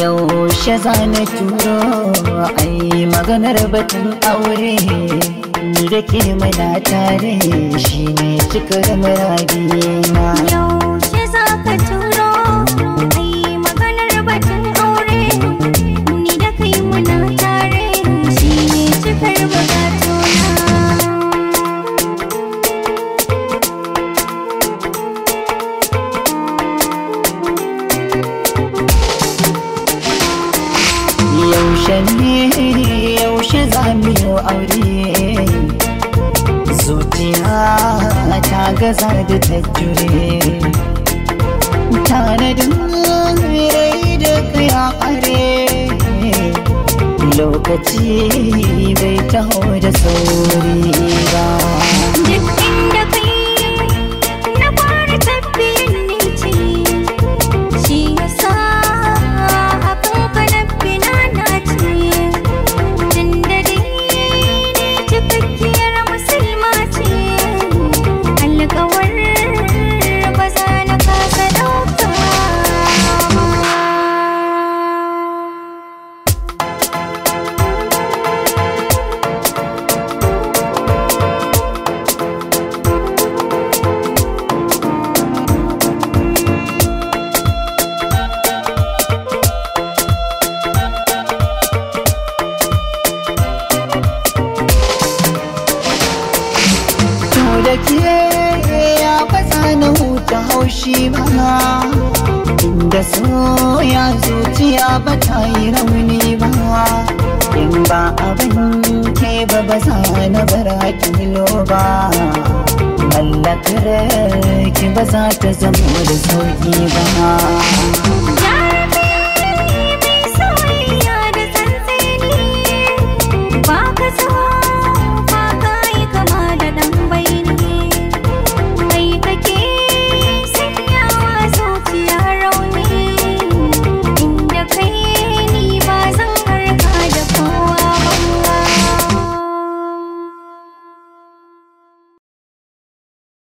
yaushe na turo ai maganar batun aure ni da ke mana tare shi ne cikar muradi na yaushe ne yaushe za mu yi aure zuciya ta gaza da ta jure tare da rai da kaya are lokaci bai taho da sauri ba da ke ya fasa na huta haushi ba da soya zuciya ba ta yi rauni ba in ba abin ke ba ba za na bara kilo ba mallakar ki ba za ta zama da sauki ba